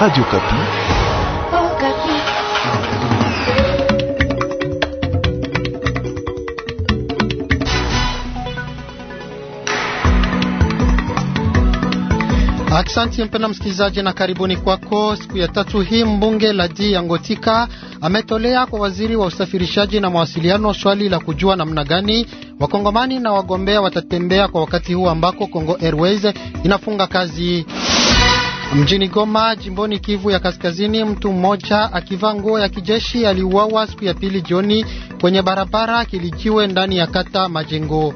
Radio Kapi. Oh, Kapi. Aksanti mpena msikilizaji na karibuni kwako. Siku ya tatu hii mbunge Ladi Yangotika ametolea kwa waziri wa usafirishaji na mawasiliano swali la kujua namna gani wakongomani na wagombea watatembea kwa wakati huu ambako Kongo Airways inafunga kazi. Mjini Goma, jimboni Kivu ya Kaskazini, mtu mmoja akivaa nguo ya kijeshi aliuawa siku ya pili jioni kwenye barabara Kilijiwe ndani ya kata Majengo.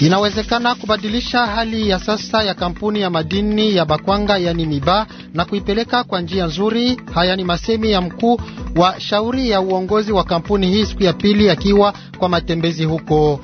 Inawezekana kubadilisha hali ya sasa ya kampuni ya madini ya Bakwanga yani Miba na kuipeleka kwa njia nzuri. Haya ni masemi ya mkuu wa shauri ya uongozi wa kampuni hii siku ya pili akiwa kwa matembezi huko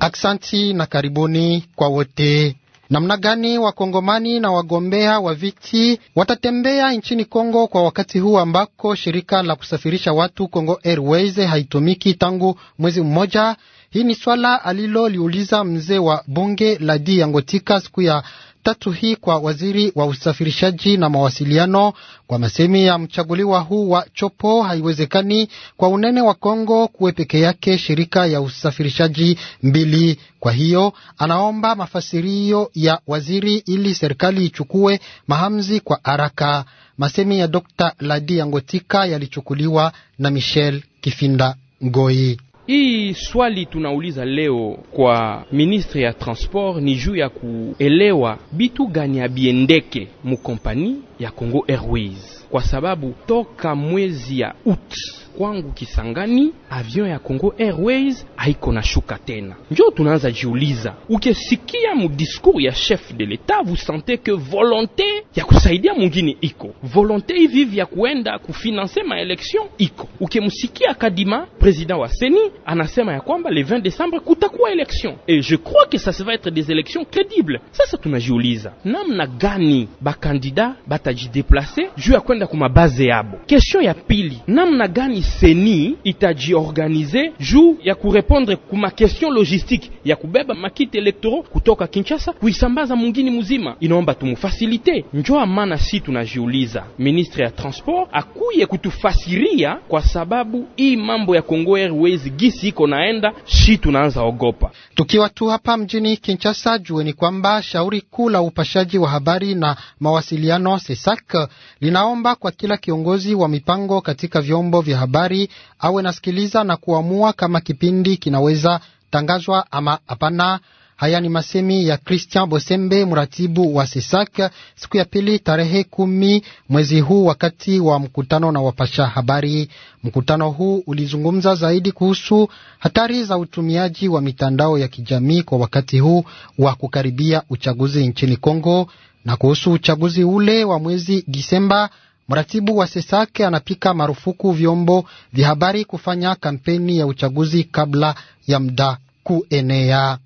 Aksanti na karibuni kwa wote. Namna gani wakongomani na wagombea wa viti watatembea nchini Kongo kwa wakati huu ambako shirika la kusafirisha watu Kongo Airways haitumiki tangu mwezi mmoja? Hii ni swala aliloliuliza mzee wa bunge la Diangotika Yangotika siku ya tatu hii kwa waziri wa usafirishaji na mawasiliano kwa masemi ya mchaguliwa huu wa Chopo, haiwezekani kwa unene wa Kongo kuwe peke yake shirika ya usafirishaji mbili. Kwa hiyo anaomba mafasirio ya waziri ili serikali ichukue mahamzi kwa haraka. Masemi ya Dr. Ladi Yangotika yalichukuliwa na Michel Kifinda Ngoi. Hii swali tunauliza leo kwa ministre ya transport ni juu ya kuelewa bitu gani biendeke mukompani ya Congo Airways kwa sababu toka mwezi ya ut kwangu Kisangani avion ya Congo Airways haiko na shuka tena. Njo tunaanza jiuliza, ukisikia mu discours ya chef de l'etat vous sentez que volonté ya kusaidia mwingine iko volonté hivivi ya kuenda kufinanse maelection iko. Ukimsikia Kadima president wa seni anasema ya kwamba le 20 décembre kutakuwa election et je crois que ça se va être des élections crédibles. Sasa tunajiuliza namna gani bakandida batajideplace juu ya kwenda kwenda kumabaze yabo. Kesho ya pili, namna gani seni itajiorganize juu ya kurepondre kuma makestion logistique ya kubeba makiti elektoro kutoka Kinshasa kuisambaza mungini mzima, inaomba tumufasilite. Njoa mana si tunajiuliza ministre ya transport akuye kutufasiria, kwa sababu hii mambo ya Kongo Airways gisi iko naenda, si tunaanza ogopa. Tukiwa tu hapa mjini Kinshasa, jueni kwamba shauri kuu la upashaji wa habari na mawasiliano SESAK linaomba kwamba kwa kila kiongozi wa mipango katika vyombo vya habari awe nasikiliza na kuamua kama kipindi kinaweza tangazwa ama hapana. Haya ni masemi ya Christian Bosembe, mratibu wa SESAK, siku ya pili tarehe kumi mwezi huu, wakati wa mkutano na wapasha habari. Mkutano huu ulizungumza zaidi kuhusu hatari za utumiaji wa mitandao ya kijamii kwa wakati huu wa kukaribia uchaguzi nchini Kongo na kuhusu uchaguzi ule wa mwezi Disemba Mratibu wa Sesake anapika marufuku vyombo vya habari kufanya kampeni ya uchaguzi kabla ya mda kuenea.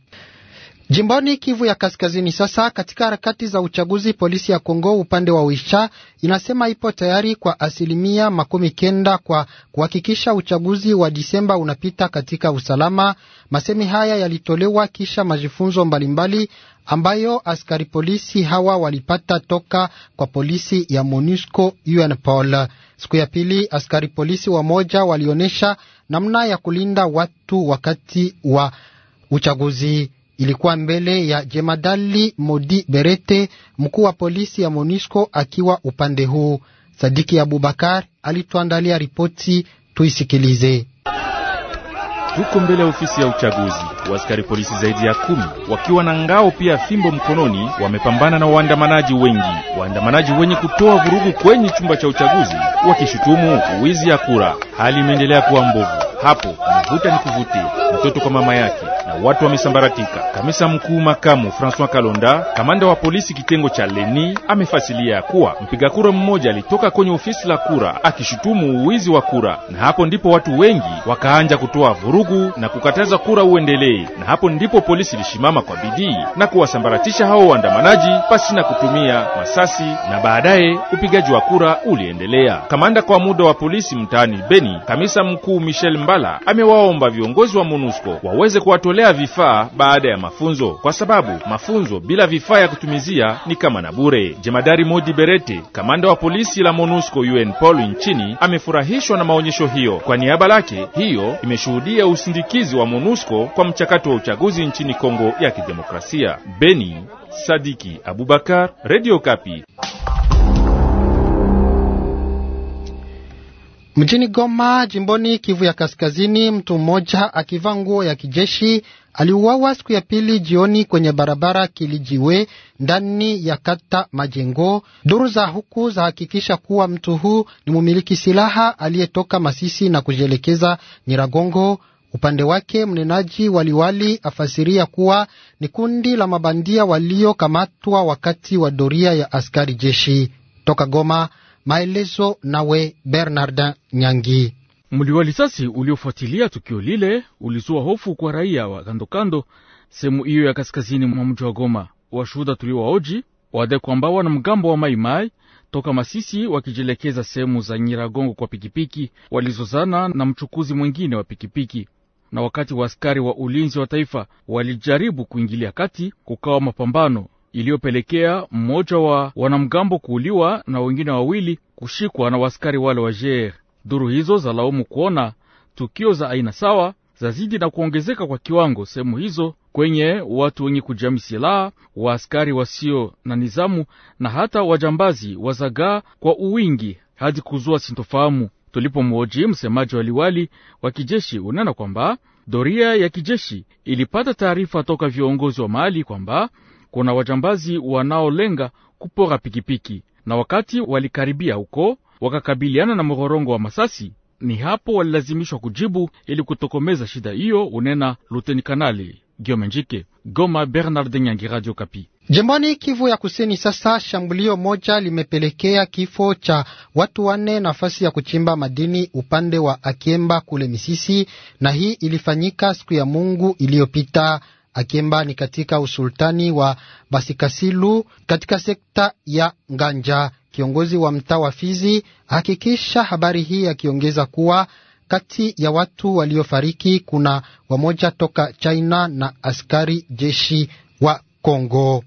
Jimboni Kivu ya Kaskazini sasa, katika harakati za uchaguzi, polisi ya Kongo upande wa Wisha inasema ipo tayari kwa asilimia makumi kenda kwa kuhakikisha uchaguzi wa Disemba unapita katika usalama. Masemi haya yalitolewa kisha majifunzo mbalimbali ambayo askari polisi hawa walipata toka kwa polisi ya MONUSCO UNPOL. Siku ya pili, askari polisi wamoja walionyesha namna ya kulinda watu wakati wa uchaguzi ilikuwa mbele ya jemadali Modi Berete, mkuu wa polisi ya MONUSCO akiwa upande huu. Sadiki Abubakar alituandalia ripoti, tuisikilize. Tuko mbele ya ofisi ya uchaguzi. Waskari polisi zaidi ya kumi wakiwa na ngao pia fimbo mkononi wamepambana na waandamanaji wengi, waandamanaji wenye kutoa vurugu kwenye chumba cha uchaguzi wakishutumu wizi ya kura. Hali imeendelea kuwa mbovu hapo, mvuta ni kuvutia mtoto kwa mama yake na watu wamesambaratika. Kamisa mkuu makamu Francois Kalonda, kamanda wa polisi kitengo cha Leni, amefasilia kuwa mpiga kura mmoja alitoka kwenye ofisi la kura akishutumu uwizi wa kura, na hapo ndipo watu wengi wakaanja kutoa vurugu na kukataza kura uendelee, na hapo ndipo polisi ilishimama kwa bidii na kuwasambaratisha hao waandamanaji pasi na kutumia masasi, na baadaye upigaji wa kura uliendelea. Kamanda kwa muda wa polisi mtaani Beni, kamisa mkuu Michel Mbala, amewaomba viongozi wa MONUSCO waweze kuwatolea kuwatolea vifaa baada ya mafunzo, kwa sababu mafunzo bila vifaa ya kutumizia ni kama na bure. Jemadari Modi Berete, kamanda wa polisi la MONUSCO UN Paul nchini, amefurahishwa na maonyesho hiyo. Kwa niaba lake, hiyo imeshuhudia usindikizi wa MONUSCO kwa mchakato wa uchaguzi nchini Kongo ya Kidemokrasia. Beni, Sadiki Abubakar, Radio Kapi. Mjini Goma, jimboni Kivu ya Kaskazini, mtu mmoja akivaa nguo ya kijeshi aliuawa siku ya pili jioni kwenye barabara Kilijiwe ndani ya kata Majengo. Duru za huku zahakikisha kuwa mtu huu ni mumiliki silaha aliyetoka Masisi na kujielekeza Nyiragongo. Upande wake mnenaji Waliwali afasiria kuwa ni kundi la mabandia waliokamatwa wakati wa doria ya askari jeshi. Toka Goma, Maelezo nawe Bernardin Nyangi. Mlio wa uliofuatilia tukio lile ulizua hofu kwa raia wa kandokando sehemu hiyo ya kaskazini mwa mji wa Goma. Washuhuda tuliowaoji wade kwamba wana mgambo wa Maimai toka Masisi wakijielekeza sehemu za Nyiragongo kwa pikipiki walizozana na mchukuzi mwingine wa pikipiki, na wakati wa askari wa ulinzi wa taifa walijaribu kuingilia kati, kukawa mapambano iliyopelekea mmoja wa wanamgambo kuuliwa na wengine wawili kushikwa na wasikari wale wa jer. Duru hizo za laumu kuona tukio za aina sawa zazidi na kuongezeka kwa kiwango sehemu hizo kwenye watu wenye kujami silaha, askari wasio na nizamu na hata wajambazi wazagaa kwa uwingi hadi kuzua sintofahamu. Tulipomwoji msemaji wa liwali wa kijeshi unena kwamba doria ya kijeshi ilipata taarifa toka viongozi wa mahali kwamba kuna wajambazi wanaolenga kupora pikipiki, na wakati walikaribia huko wakakabiliana na mhorongo wa masasi, ni hapo walilazimishwa kujibu ili kutokomeza shida hiyo, unena Luteni Kanali Giome Njike, Goma. Bernard Nyangi, Radio Kapi. Jimboni Kivu ya Kusini, sasa shambulio moja limepelekea kifo cha watu wanne nafasi ya kuchimba madini upande wa Akiemba kule Misisi, na hii ilifanyika siku ya Mungu iliyopita akiemba ni katika usultani wa Basikasilu katika sekta ya Nganja. Kiongozi wa mtaa wa Fizi hakikisha habari hii akiongeza kuwa kati ya watu waliofariki kuna wamoja toka China na askari jeshi wa Kongo.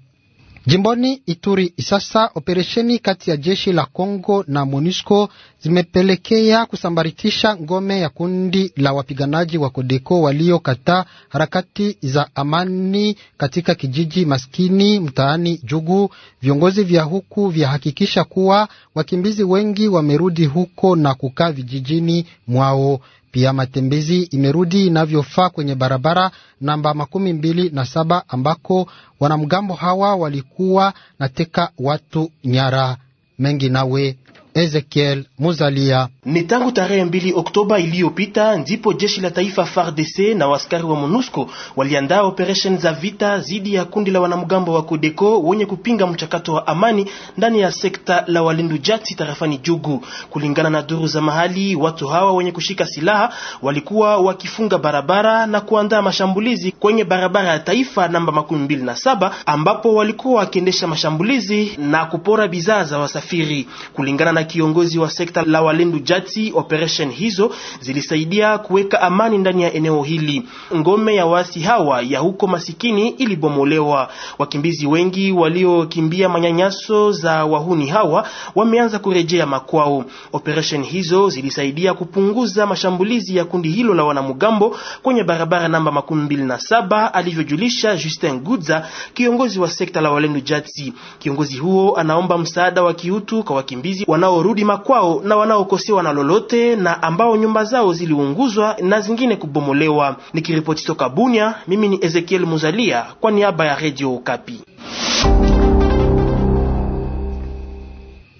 Jimboni Ituri sasa, operesheni kati ya jeshi la Kongo na MONUSCO zimepelekea kusambaritisha ngome ya kundi la wapiganaji wa Kodeko waliokataa harakati za amani katika kijiji maskini mtaani Jugu. Viongozi vya huku vyahakikisha kuwa wakimbizi wengi wamerudi huko na kukaa vijijini mwao. Pia matembezi imerudi inavyofaa kwenye barabara namba makumi mbili na saba ambako wanamgambo hawa walikuwa nateka watu nyara mengi nawe Ezekiel Muzalia. Ni tangu tarehe mbili Oktoba iliyopita ndipo jeshi la taifa FARDC na waskari wa MONUSCO waliandaa operation za vita dhidi ya kundi la wanamgambo wa Kodeko wenye kupinga mchakato wa amani ndani ya sekta la Walindu Jati tarafani Jugu. Kulingana na duru za mahali, watu hawa wenye kushika silaha walikuwa wakifunga barabara na kuandaa mashambulizi kwenye barabara ya taifa namba makumi mbili na saba ambapo walikuwa wakiendesha mashambulizi na kupora bidhaa za wasafiri kulingana na kiongozi wa sekta la Walendu Jati. Operation hizo zilisaidia kuweka amani ndani ya eneo hili. Ngome ya waasi hawa ya huko masikini ilibomolewa. Wakimbizi wengi waliokimbia manyanyaso za wahuni hawa wameanza kurejea makwao. Operation hizo zilisaidia kupunguza mashambulizi ya kundi hilo la wanamugambo kwenye barabara namba makumi mbili na saba, alivyojulisha Justin Gudza, kiongozi wa sekta la Walendu Jati. Kiongozi huo anaomba msaada wa kiutu kwa wakimbizi wana wanaorudi makwao na wanaokosewa na lolote na ambao nyumba zao ziliunguzwa na zingine kubomolewa. Nikiripoti toka Bunia, mimi ni Ezekiel Muzalia kwa niaba ya Radio Okapi.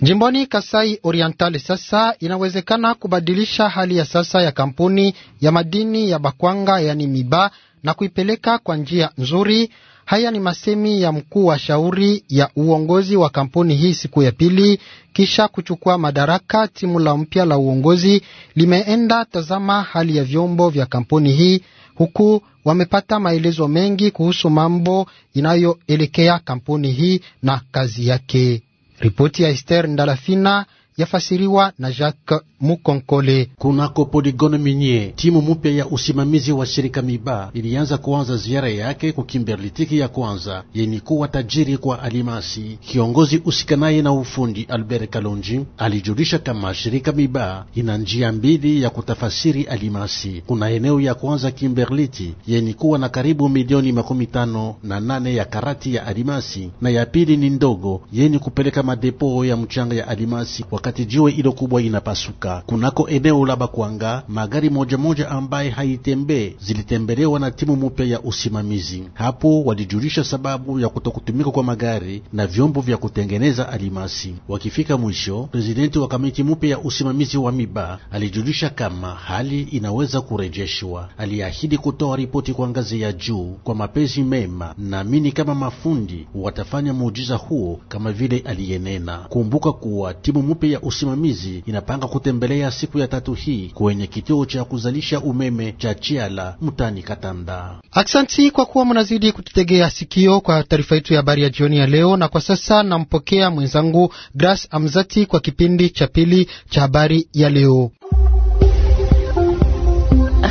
Jimboni Kasai Oriental sasa inawezekana kubadilisha hali ya sasa ya kampuni ya madini ya Bakwanga yani Miba na kuipeleka kwa njia nzuri Haya ni masemi ya mkuu wa shauri ya uongozi wa kampuni hii siku ya pili kisha kuchukua madaraka. Timu la mpya la uongozi limeenda tazama hali ya vyombo vya kampuni hii, huku wamepata maelezo mengi kuhusu mambo inayoelekea kampuni hii na kazi yake. Ripoti ya Esther Ndalafina yafasiriwa na Jacques Mukonkole. Kunako poligone minye, timu mupya ya usimamizi wa shirika Miba ilianza kuanza ziara yake ku Kimberlitiki ya kwanza yenye kuwa tajiri kwa alimasi. Kiongozi usikanaye na ufundi Albert Kalonji alijulisha kama shirika Miba ina njia mbili ya kutafasiri alimasi. Kuna eneo ya kwanza Kimberliti yenye kuwa na karibu milioni makumi tano na nane ya karati ya alimasi, na ya pili ni ndogo yenye kupeleka madepo ya mchanga ya alimasi. Wakati wakati jiwe ilo kubwa inapasuka kunako eneo la Bakwanga. Magari moja moja ambaye haitembee zilitembelewa na timu mupya ya usimamizi. Hapo walijulisha sababu ya kutokutumika kwa magari na vyombo vya kutengeneza alimasi. Wakifika mwisho, prezidenti wa kamiti mupya ya usimamizi wa miba alijulisha kama hali inaweza kurejeshwa. Aliahidi kutoa ripoti kwa ngazi ya juu kwa mapezi mema. Naamini kama mafundi watafanya muujiza huo kama vile aliyenena. Kumbuka kuwa timu mupya ya usimamizi inapanga kutembelea siku ya tatu hii kwenye kituo cha kuzalisha umeme cha Chiala mtani Katanda. Aksanti kwa kuwa mnazidi kututegea sikio kwa taarifa yetu ya habari ya jioni ya leo, na kwa sasa nampokea mwenzangu Gras Amzati kwa kipindi cha pili cha habari ya leo.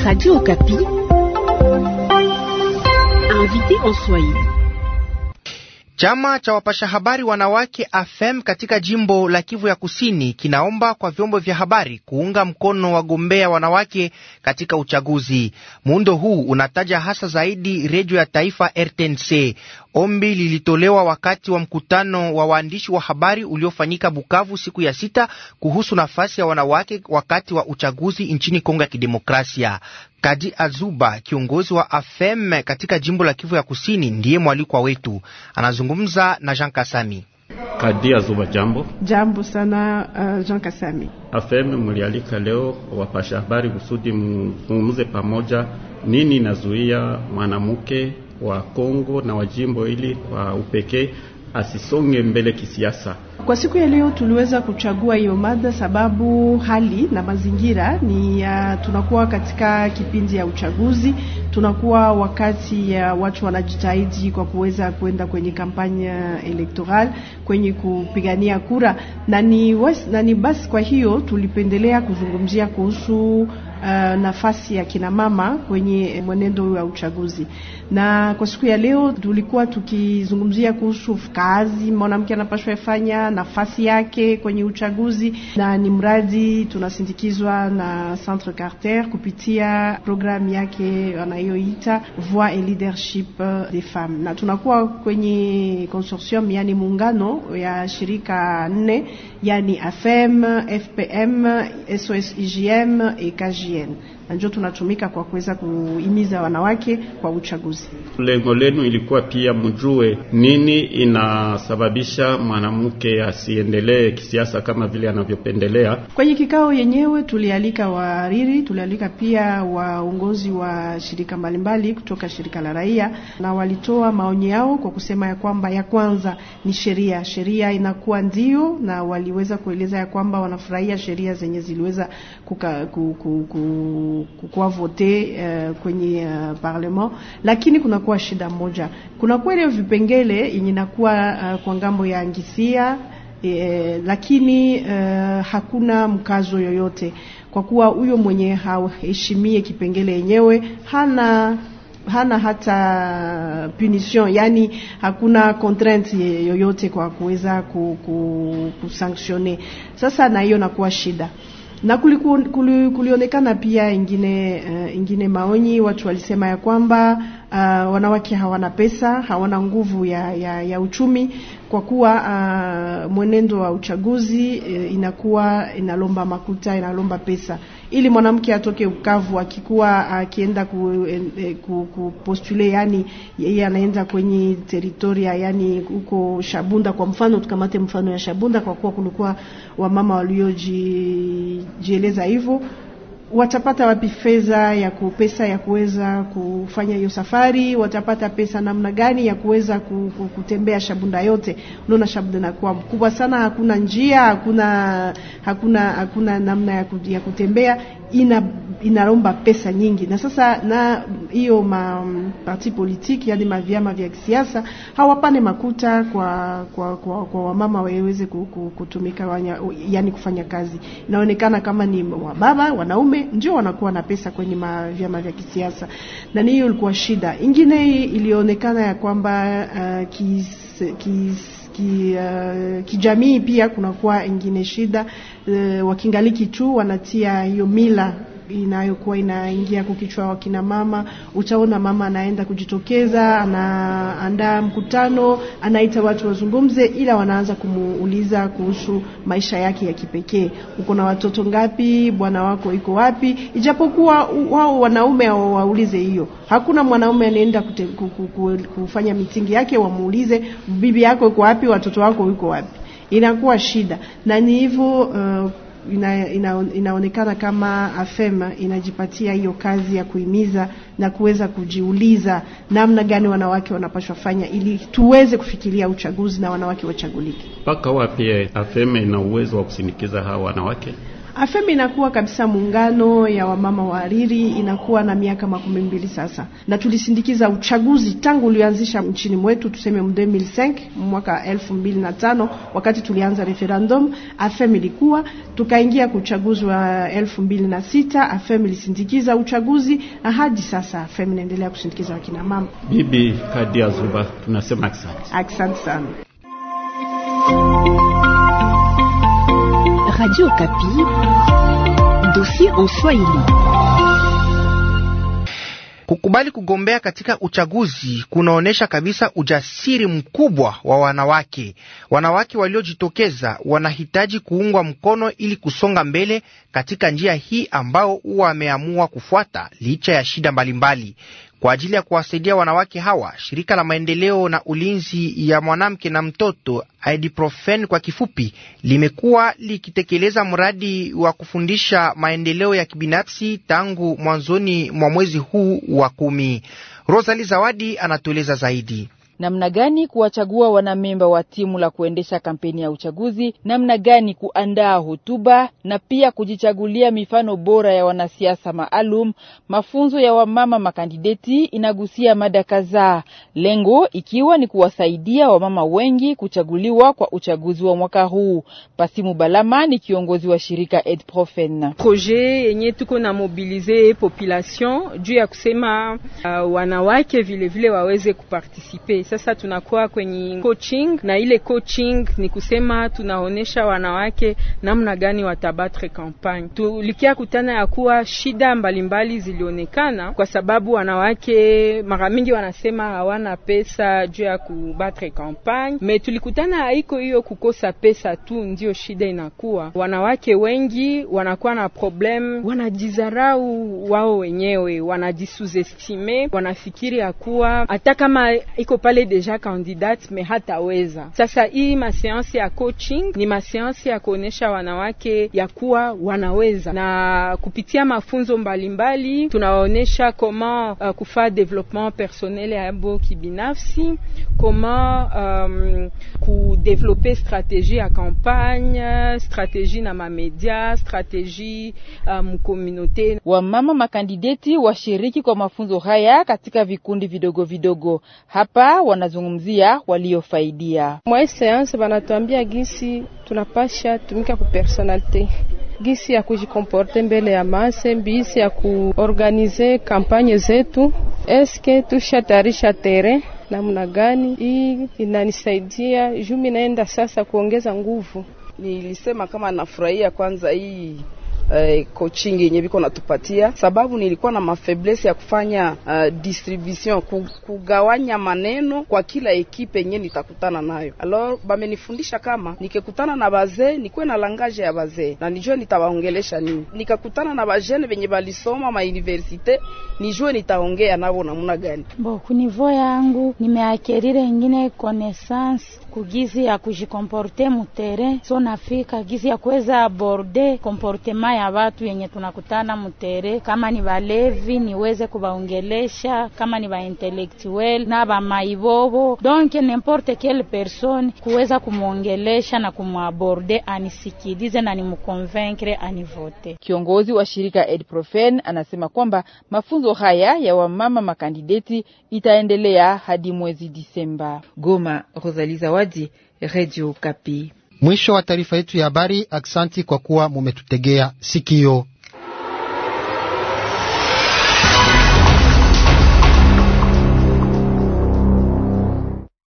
Radio Okapi. Invité en Swahili. Chama cha wapasha habari wanawake AFEM katika jimbo la Kivu ya Kusini kinaomba kwa vyombo vya habari kuunga mkono wagombea wanawake katika uchaguzi. Muundo huu unataja hasa zaidi redio ya taifa RTNC. Ombi lilitolewa wakati wa mkutano wa waandishi wa habari uliofanyika Bukavu siku ya sita kuhusu nafasi ya wanawake wakati wa uchaguzi nchini Kongo ya Kidemokrasia. Kadi Azuba, kiongozi wa AFEM katika jimbo la Kivu ya Kusini, ndiye mwalikwa wetu, anazungumza na Jean Kasami. Kadi Azuba, jambo. Jambo sana, uh, Jean Kasami. AFEM mulialika leo wapasha habari kusudi mzungumze pamoja, nini inazuia mwanamke wa Kongo na wa jimbo hili kwa upekee asisonge mbele kisiasa. Kwa siku ya leo tuliweza kuchagua hiyo mada sababu hali na mazingira ni uh, tunakuwa katika kipindi ya uchaguzi, tunakuwa wakati ya uh, watu wanajitahidi kwa kuweza kwenda kwenye kampanya elektoral kwenye kupigania kura na ni, was, na ni basi. Kwa hiyo tulipendelea kuzungumzia kuhusu uh, nafasi ya kinamama kwenye mwenendo wa uchaguzi. Na kwa siku ya leo tulikuwa tukizungumzia kuhusu kazi mwanamke anapaswa ifanya, nafasi yake kwenye uchaguzi, na ni mradi tunasindikizwa na Centre Carter kupitia programu yake wanayoita Voix et Leadership des Femmes, na tunakuwa kwenye consortium, yani muungano ya shirika nne, yani AFEM, FPM, SOS IGM, e 见。na ndio tunatumika kwa kuweza kuhimiza wanawake kwa uchaguzi. Lengo lenu ilikuwa pia mjue nini inasababisha mwanamke asiendelee kisiasa kama vile anavyopendelea. Kwenye kikao yenyewe tulialika wahariri, tulialika pia waongozi wa shirika mbalimbali kutoka shirika la raia, na walitoa maoni yao kwa kusema ya kwamba ya kwanza ni sheria, sheria inakuwa ndio, na waliweza kueleza ya kwamba wanafurahia sheria zenye ziliweza kuka, ku, ku, kukuwa vote uh, kwenye uh, parlement, lakini kunakuwa shida moja, kunakuwa ile vipengele yenye nakuwa uh, eh, kwa ngambo ya angisia E, lakini uh, hakuna mkazo yoyote kwa kuwa huyo mwenye haheshimie kipengele yenyewe hana hana hata punition, yani hakuna contrainte yoyote kwa kuweza kusanctione. Sasa na hiyo nakuwa shida na kuli, kulionekana pia ingine, uh, ingine maoni watu walisema ya kwamba uh, wanawake hawana pesa, hawana nguvu ya, ya, ya uchumi kwa kuwa uh, mwenendo wa uchaguzi uh, inakuwa inalomba makuta, inalomba pesa ili mwanamke atoke ukavu akikuwa akienda eh, eh, ku, ku, postule, yani yeye anaenda kwenye teritoria yani huko Shabunda kwa mfano, tukamate mfano ya Shabunda, kwa kuwa kulikuwa wamama waliojieleza hivyo watapata wapi fedha ya pesa ya kuweza kufanya hiyo safari? Watapata pesa namna gani ya kuweza kutembea Shabunda yote? Unaona, Shabunda inakuwa mkubwa sana, hakuna njia, hakuna hakuna hakuna namna ya kutembea, ina inaomba pesa nyingi. Na sasa na hiyo maparti politiki, yaani mavyama vya kisiasa hawapane makuta kwa kwa, kwa, kwa wamama waweze kutumika, yani kufanya kazi. Inaonekana kama ni wababa wanaume wanaume ndio wanakuwa na pesa kwenye vyama vya kisiasa, na hiyo ilikuwa shida ingine ilionekana ya kwamba uh, kis, kis ki, uh, kijamii pia kunakuwa ingine shida uh, wakingaliki tu wanatia hiyo mila inayokuwa inaingia kwa kichwa kina mama. Utaona mama anaenda kujitokeza, anaandaa mkutano, anaita watu wazungumze, ila wanaanza kumuuliza kuhusu maisha yake ya kipekee, uko na watoto ngapi? Bwana wako iko wapi? Ijapokuwa wao wanaume waulize hiyo, hakuna mwanaume anaenda kufanya mitingi yake wamuulize bibi yako iko wapi, watoto wako iko wapi, inakuwa shida na ni hivyo uh, ina, ina, inaonekana kama afema inajipatia hiyo kazi ya kuhimiza na kuweza kujiuliza namna gani wanawake wanapashwa fanya ili tuweze kufikiria uchaguzi na wanawake wachagulike. Mpaka wapi eh, afema ina uwezo wa kusindikiza hawa wanawake? Afemi inakuwa kabisa muungano ya wamama wa ariri inakuwa na miaka makumi mbili sasa, na tulisindikiza uchaguzi tangu ulianzisha nchini mwetu, tuseme mu 2005 mwaka elfu mbili na tano wakati tulianza referendum Afem ilikuwa, tukaingia kwa uchaguzi wa elfu mbili na sita Afem ilisindikiza uchaguzi na hadi sasa Afem inaendelea kusindikiza wakina mama. Bibi Kadia Zuba, tunasema asante, asante sana. Radio Kapi, dossier en Swahili. Kukubali kugombea katika uchaguzi kunaonyesha kabisa ujasiri mkubwa wa wanawake. Wanawake waliojitokeza wanahitaji kuungwa mkono ili kusonga mbele katika njia hii ambao wameamua kufuata licha ya shida mbalimbali mbali. Kwa ajili ya kuwasaidia wanawake hawa, shirika la maendeleo na ulinzi ya mwanamke na mtoto Ibuprofen kwa kifupi, limekuwa likitekeleza mradi wa kufundisha maendeleo ya kibinafsi tangu mwanzoni mwa mwezi huu wa kumi. Rosali Zawadi anatueleza zaidi namna gani kuwachagua wanamemba wa timu la kuendesha kampeni ya uchaguzi, namna gani kuandaa hotuba na pia kujichagulia mifano bora ya wanasiasa maalum. Mafunzo ya wamama makandideti inagusia mada kadhaa, lengo ikiwa ni kuwasaidia wamama wengi kuchaguliwa kwa uchaguzi wa mwaka huu. Pasimu Balama ni kiongozi wa shirika Edprofen. Proje yenye tuko na mobilize population juu ya kusema uh, wanawake vilevile vile waweze kupartisipe sasa tunakuwa kwenye coaching, na ile coaching ni kusema tunaonesha wanawake namna gani watabatre campagne. Tulikia kutana ya kuwa shida mbalimbali zilionekana kwa sababu wanawake mara mingi wanasema hawana pesa juu ya kubatre campagne. me tulikutana haiko hiyo kukosa pesa tu ndio shida inakuwa. Wanawake wengi wanakuwa na problem, wanajizarau wao wenyewe, wanajisuzestime, wanafikiri ya kuwa hata kama iko pale ale deja candidate me hataweza. Sasa hii maseansi ya coaching ni maseansi ya kuonesha wanawake ya kuwa wanaweza, na kupitia mafunzo mbalimbali tunawaonesha koma uh, kufaa development personnel yabo kibinafsi, koma um, kudevelope strategie ya campagne, strategie na mamedia, strategie mkomunote. Um, wamama makandideti washiriki kwa mafunzo haya katika vikundi vidogo vidogo hapa wanazungumzia waliofaidia mwa seanse. Banatuambia gisi tunapasha tumika ku personalite gisi ya kujikomporte mbele ya mase mbisi ya kuorganize kampanye zetu. Eske tushatarisha tere namna gani? Hii inanisaidia jumi naenda sasa kuongeza nguvu. Nilisema kama nafurahia kwanza hii eh, coaching yenye biko natupatia, sababu nilikuwa na mafeblesi ya kufanya uh, distribution, kugawanya maneno kwa kila ekipe yenye nitakutana nayo. Alors bamenifundisha kama nikikutana na bazee nikuwe na langaje ya bazee na nijue nitawaongelesha nini, nikakutana na bajene venye balisoma mauniversite nijue nitaongea navo namuna gani. Bo kunivo yangu nimeakerire ingine connaissance kugizi ya kujikomporte mutere so nafika gizi ya kuweza aborde comportement ya watu yenye tunakutana mutere, kama ni valevi niweze kubaongelesha, kama ni baintelektuel na bamaibobo, donc nimporte quelle persone kuweza kumwongelesha na kumwaborde, anisikilize na nimukonvaincre anivote. Kiongozi wa shirika Edprofen anasema kwamba mafunzo haya ya wamama makandideti itaendelea hadi mwezi Disemba. Goma, Rosalie Zawadi, Radio Kapi. Mwisho wa taarifa yetu ya habari. Aksanti kwa kuwa mumetutegea sikio.